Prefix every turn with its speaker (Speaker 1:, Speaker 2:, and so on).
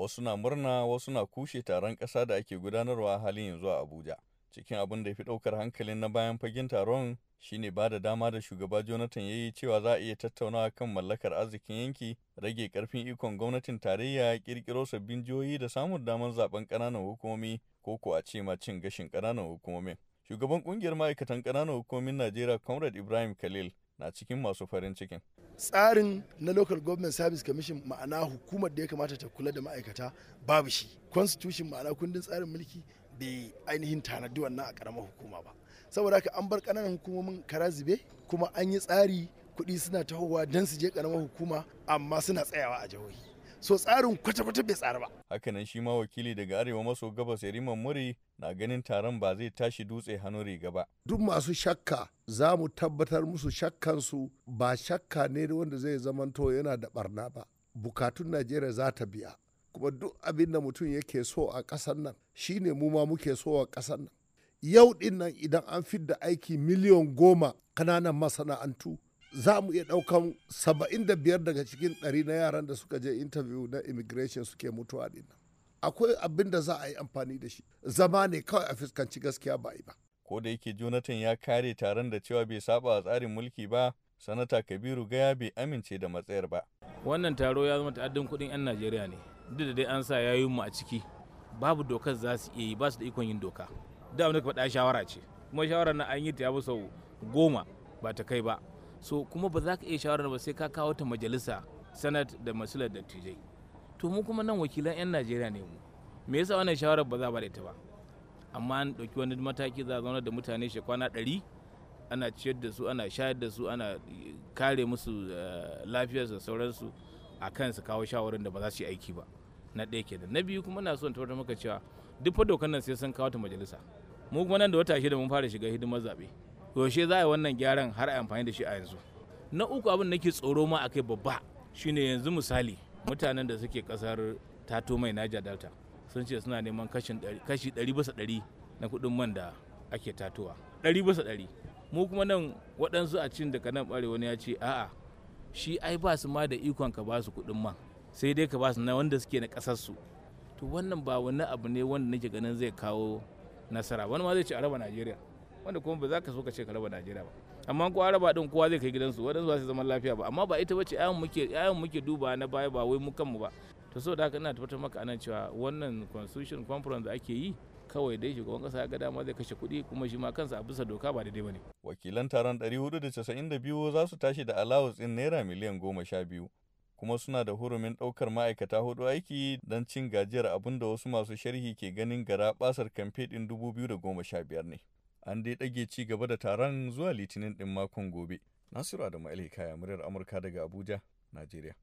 Speaker 1: wasu na murna wasu na kushe taron ƙasa da ake gudanarwa halin yanzu a abuja cikin abin da ya fi ɗaukar hankalin na bayan fagen taron shine ba da dama da shugaba jonathan ya yi cewa za a iya tattaunawa kan mallakar arzikin yanki rage karfin ikon gwamnatin tarayya kirkiro sabbin jihohi da samun damar zaben ƙananan hukumomi ko ko a ce ma cin gashin ƙananan hukumomin shugaban ƙungiyar ma'aikatan ƙananan hukumomin najeriya comrade ibrahim khalil na cikin masu farin cikin.
Speaker 2: Tsarin na Local Government Service Commission ma'ana hukumar da ya kamata ta kula da ma'aikata babu shi. Constitution ma'ana kundin tsarin mulki bai ainihin tanadi wannan a karamar hukuma ba. Saboda haka an bar ƙananan hukumomin kara zube kuma an yi tsari kuɗi suna tahowa don su je karamar hukuma amma suna tsayawa a jihohi. so tsarin kwata-kwata bai
Speaker 1: tsara ba hakanan shi ma wakili daga arewa maso gabas yariman muri na ganin taron ba zai tashi dutse hannu riga ba
Speaker 3: duk masu shakka za mu tabbatar musu shakkansu ba shakka ne wanda zai zamanto yana da barna ba bukatun najeriya za ta biya kuma duk abin da mutum yake so a ƙasar nan shi ne mu ma muke so a ƙasar nan yau din nan idan an fidda aiki miliyan goma kananan masana'antu za mu iya ɗaukan 75 daga cikin 100 na yaran da suka je interview na immigration suke mutuwa din akwai abin da za a yi amfani da shi zama ne kawai a fuskanci gaskiya ba
Speaker 1: yi ba ko da yake jonathan ya kare taron da cewa bai saba a tsarin mulki ba sanata kabiru gaya bai amince da matsayar ba wannan taro ya zama
Speaker 4: ta'addin kuɗin 'yan najeriya ne duk da dai an sa ya mu a ciki babu dokar za su iya yi ba su da ikon yin doka da wani faɗa shawara ce kuma shawarar na an yi ta ya sau goma ba ta kai ba so kuma ba za ka iya shawarar ba sai ka kawo ta majalisa sanat da masular dattijai to mu kuma nan wakilan 'yan najeriya ne mu me yasa wannan shawarar ba za ba da ita ba amma an ɗauki wani mataki za a zauna da mutane shekwana ɗari ana ciyar da su ana shayar da su ana kare musu eh, lafiyar da sauransu a kan su kawo shawarar da ba za su yi aiki ba na ɗaya kenan na biyu kuma na son tabbatar maka cewa duk fa dokan nan sai sun kawo ta majalisa mu kuma nan da wata shida mun fara shiga hidimar zaɓe yaushe za a yi wannan gyaran har a amfani da shi a yanzu na uku abin da nake tsoro ma akai babba shine yanzu misali mutanen da suke kasar tato mai naja delta sun ce suna neman kashi ɗari bisa ɗari na kuɗin man da ake tatowa ɗari bisa ɗari mu kuma nan waɗansu a cin daga nan ɓare wani ya ce a'a shi ai ba su ma da ikon ka ba su kuɗin man sai dai ka ba su na wanda suke na ƙasarsu to wannan ba wani abu ne wanda nake ganin zai kawo nasara wani ma zai ce a raba najeriya wanda kuma ba za ka so ka ce ka raba Najeriya ba amma ko araba din kowa zai kai gidansu wadansu ba su zaman lafiya ba amma ba ita bace ayan muke ayan muke duba na baya ba wai mu kanmu ba to da haka ina tabbatar maka anan cewa wannan constitution conference da ake yi kawai dai shugaban kasa ga dama zai kashe kuɗi
Speaker 1: kuma shi ma kansa a bisa doka ba daidai bane wakilan taron 492 za su tashi da allowance din naira miliyan goma sha biyu kuma suna da hurumin daukar ma'aikata hudu aiki don cin gajiyar abin da wasu masu sharhi ke ganin gara basar kamfe ɗin 2015 ne. an dai ɗage ci gaba da taron zuwa litinin ɗin makon gobe nasiru adamu alhikaya muryar amurka daga abuja najeriya